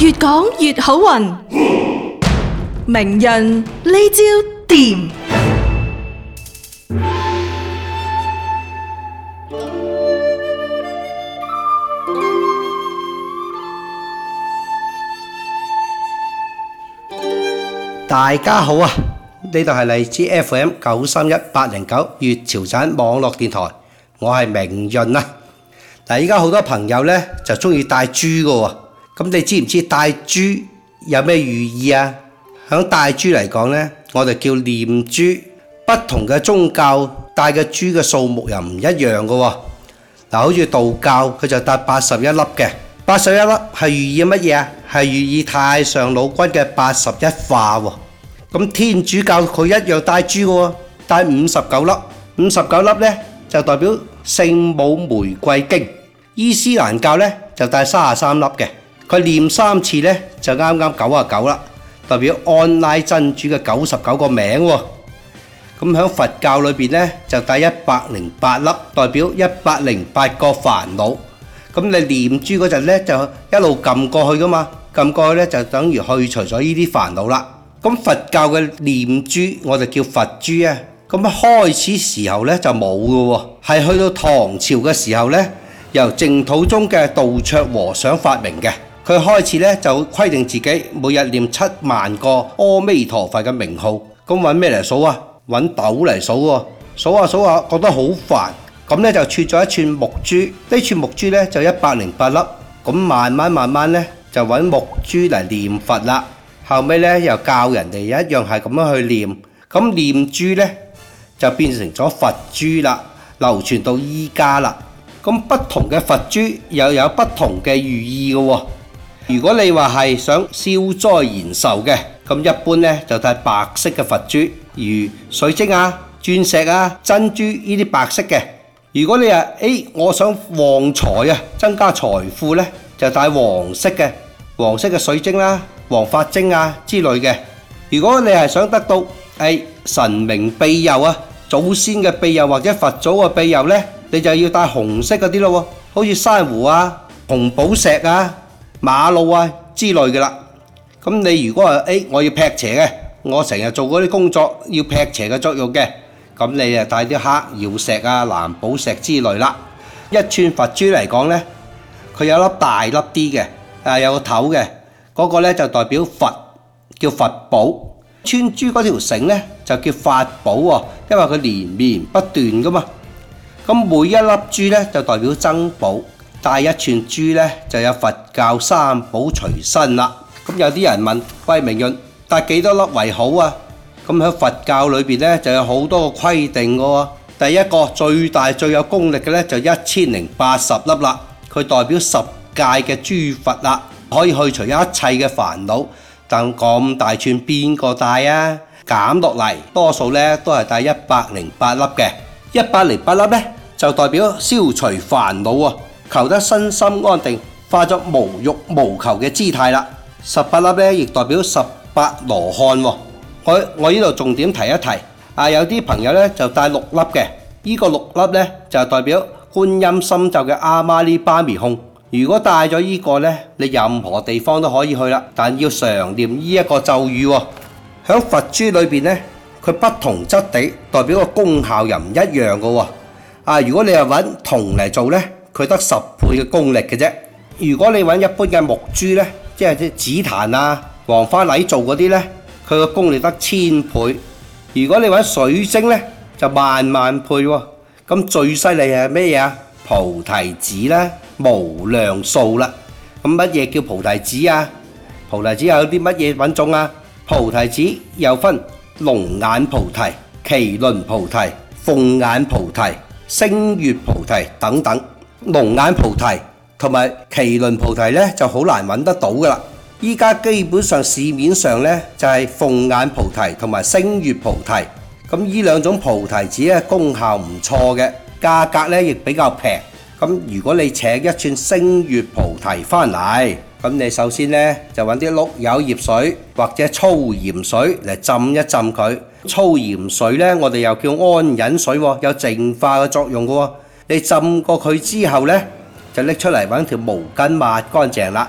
越講越好運，明潤呢招掂。大家好啊，呢度係荔枝 FM 九三一八零九粵潮汕網絡電台，我係明潤啊。嗱，依家好多朋友咧就中意戴珠噶。咁你知唔知戴珠有咩寓意啊？喺戴珠嚟講呢，我哋叫念珠。不同嘅宗教戴嘅珠嘅數目又唔一樣嘅喎。嗱，好似道教佢就戴八十一粒嘅，八十一粒係寓意乜嘢啊？係寓意太上老君嘅八十一化喎。咁天主教佢一樣戴珠喎，戴五十九粒，五十九粒呢就代表聖母玫瑰經。伊斯蘭教呢就戴三十三粒嘅。佢念三次咧，就啱啱九啊九啦，代表安拉真主嘅九十九個名。咁喺佛教裏邊咧，就帶一百零八粒，代表一百零八個煩惱。咁你念珠嗰陣咧，就一路撳過去噶嘛，撳過去咧就等於去除咗呢啲煩惱啦。咁佛教嘅念珠，我哋叫佛珠啊。咁啊，開始時候咧就冇噶，係去到唐朝嘅時候咧，由淨土宗嘅道綽和尚發明嘅。佢開始咧就規定自己每日念七萬個阿彌陀佛嘅名號，咁揾咩嚟數啊？揾豆嚟數喎，數下數下覺得好煩，咁咧就串咗一串木珠，呢串木珠咧就一百零八粒，咁慢慢慢慢咧就揾木珠嚟念佛啦。後尾咧又教人哋一樣係咁樣去念。咁念珠咧就變成咗佛珠啦，流傳到依家啦。咁不同嘅佛珠又有不同嘅寓意嘅喎，啊。如果你話係想消災延壽嘅，咁一般咧就帶白色嘅佛珠，如水晶啊、鑽石啊、珍珠呢啲白色嘅。如果你啊，誒，我想旺財啊，增加財富咧，就帶黃色嘅，黃色嘅水晶啦、黃髮晶啊之類嘅。如果你係想得到誒神明庇佑啊、祖先嘅庇佑或者佛祖嘅庇佑咧，你就要帶紅色嗰啲咯，好似珊瑚啊、紅寶石啊。馬路啊之類嘅啦，咁你如果話誒我要劈邪嘅，我成日做嗰啲工作要劈邪嘅作用嘅，咁你啊帶啲黑曜石啊、藍寶石之類啦。一串佛珠嚟講咧，佢有粒大粒啲嘅，誒有個頭嘅，嗰個咧就代表佛，叫佛寶。穿珠嗰條繩咧就叫法寶喎，因為佢連綿不斷噶嘛。咁每一粒珠咧就代表僧寶。戴一串珠咧，就有佛教三寶隨身啦。咁有啲人問：喂，明潤戴幾多粒為好啊？咁喺佛教裏邊咧就有好多個規定嘅、啊、喎。第一個最大最有功力嘅咧就一千零八十粒啦，佢代表十界嘅諸佛啦，可以去除一切嘅煩惱。但咁大串邊個戴啊？減落嚟多數咧都係戴一百零八粒嘅，一百零八粒咧就代表消除煩惱啊。求得身心安定，化作無欲無求嘅姿態啦。十八粒呢亦代表十八羅漢。我我呢度重點提一提，有啲朋友呢就戴六粒嘅，呢、呢個六粒呢就代表觀音心咒嘅唵嘛呢叭咪吽。如果戴咗呢個呢，你任何地方都可以去啦，但要常念呢一個咒語喎。喺佛珠裏面呢，佢不同質地代表個功效又唔一樣噶喎。啊，如果你係揾銅嚟做呢。佢得十倍嘅功力嘅啫。如果你揾一般嘅木珠咧，即係啲紫檀啊、黃花梨做嗰啲咧，佢個功力得千倍。如果你揾水晶咧，就萬萬倍。咁最犀利係咩嘢啊？菩提子啦，無量數啦。咁乜嘢叫菩提子啊？菩提子有啲乜嘢品種啊？菩提子又分龍眼菩提、麒麟菩提、鳳眼菩提、星月菩提等等。龍眼菩提同埋麒麟菩提咧就好難揾得到噶啦，依家基本上市面上咧就係鳳眼菩提同埋星月菩提，咁呢兩種菩提子咧功效唔錯嘅，價格咧亦比較平。咁如果你請一串星月菩提返嚟，咁你首先咧就揾啲碌柚葉水或者粗鹽水嚟浸一浸佢，粗鹽水咧我哋又叫安飲水，有淨化嘅作用噶喎。你浸過佢之後呢，就拎出嚟，揾條毛巾抹乾淨啦。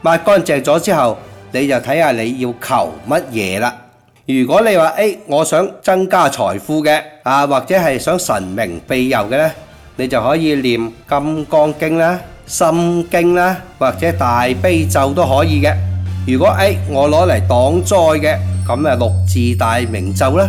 抹乾淨咗之後，你就睇下你要求乜嘢啦。如果你話誒，我想增加財富嘅啊，或者係想神明庇佑嘅呢，你就可以念金剛經啦、心經啦，或者大悲咒都可以嘅。如果誒，我攞嚟擋災嘅，咁啊六字大明咒啦。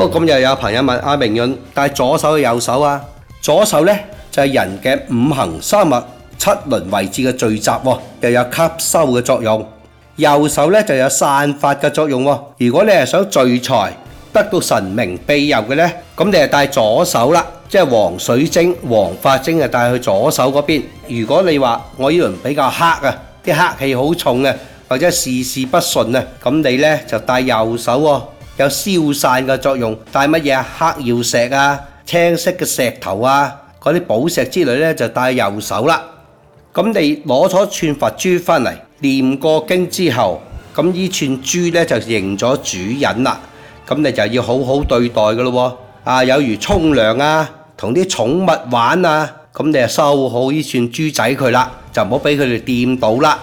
哦，咁又有朋友問阿明潤，帶左手定右手啊？左手咧就係人嘅五行三脈七輪位置嘅聚集，又有吸收嘅作用；右手咧就有散發嘅作用。如果你係想聚財、得到神明庇佑嘅咧，咁你就帶左手啦，即係黃水晶、黃髮晶啊，帶去左手嗰邊。如果你話我呢輪比較黑啊，啲黑氣好重啊，或者事事不順啊，咁你咧就帶右手。有消散嘅作用，帶乜嘢啊？黑曜石啊、青色嘅石頭啊，嗰啲寶石之類呢，就帶右手啦。咁你攞咗串佛珠返嚟，念過經之後，咁呢串珠呢就認咗主人啦。咁你就要好好對待噶咯，啊，有如沖涼啊，同啲寵物玩啊，咁你啊收好呢串珠仔佢啦，就唔好俾佢哋掂到啦。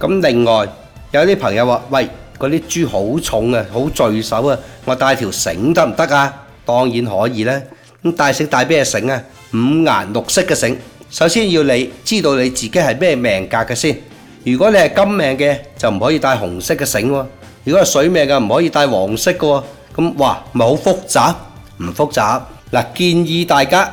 咁另外有啲朋友話：喂。嗰啲珠好重啊，好墜手啊！我帶條繩得唔得啊？當然可以咧。咁帶繩帶咩繩啊？五顏六色嘅繩。首先要你知道你自己係咩命格嘅先。如果你係金命嘅，就唔可以帶紅色嘅繩喎。如果係水命嘅，唔可以帶黃色嘅喎。咁哇，咪好複雜？唔複雜。嗱，建議大家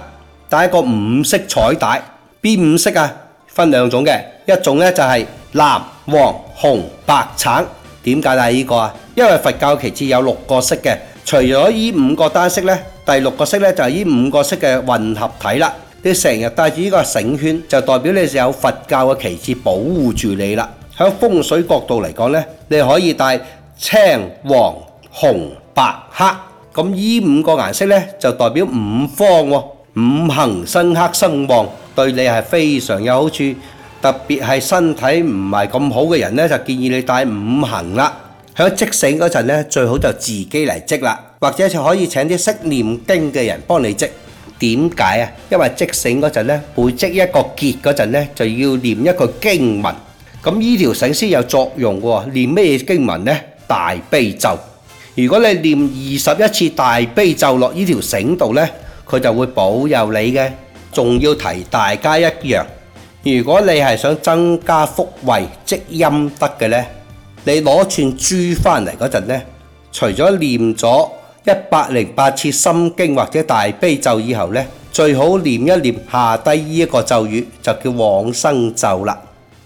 帶一個五色彩帶。邊五色啊？分兩種嘅，一種咧就係藍、黃、紅、白、橙。點解戴依個啊？因為佛教旗幟有六個色嘅，除咗依五個單色咧，第六個色咧就係依五個色嘅混合體啦。你成日戴住依個繩圈，就代表你有佛教嘅旗幟保護住你啦。響風水角度嚟講咧，你可以戴青、黃、紅、白、黑。咁依五個顏色咧，就代表五方，五行生克生旺，對你係非常有好處。特別係身體唔係咁好嘅人咧，就建議你帶五行啦。響織繩嗰陣咧，最好就自己嚟織啦，或者就可以請啲識念經嘅人幫你織。點解啊？因為織繩嗰陣咧，背織一個結嗰陣咧，就要念一個經文。咁呢條繩先有作用嘅。念咩經文呢？大悲咒。如果你念二十一次大悲咒落呢條繩度呢，佢就會保佑你嘅。仲要提大家一樣。如果你係想增加福慧積陰德嘅呢，你攞串珠翻嚟嗰陣咧，除咗念咗一百零八次心經或者大悲咒以後呢，最好念一念下低依一個咒語，就叫往生咒啦。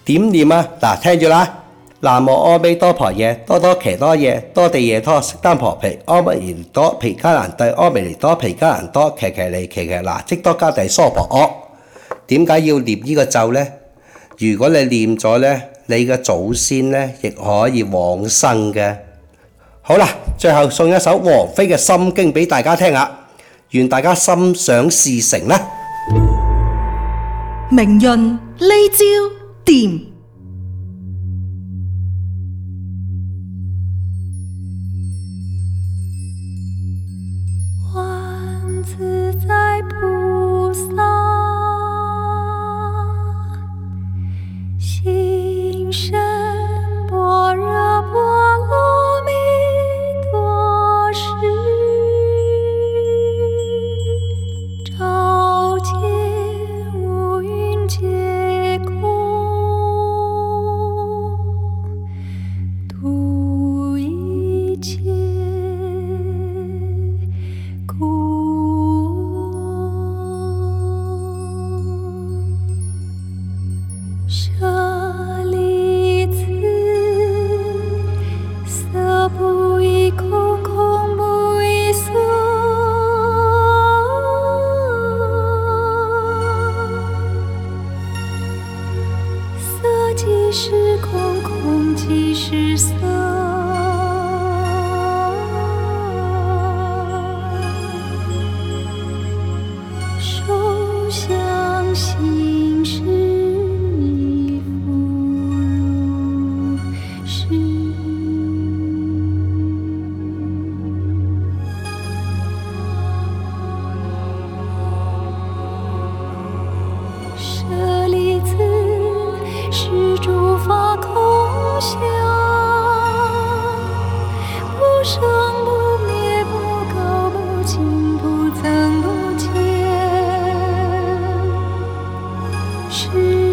點念啊？嗱，啊，聽住啦，南無阿彌多婆耶，多多奇多耶，多地耶多，悉耽婆毗，阿彌唸多，皮卡難帝，阿彌唸多，皮卡難多，奇奇利奇奇，嗱，即多加帝蘇婆阿。點解要念呢個咒呢？如果你念咗呢，你嘅祖先呢，亦可以往生嘅。好啦，最後送一首王菲嘅《心經》俾大家聽下，願大家心想事成啦！明潤，呢招掂。是。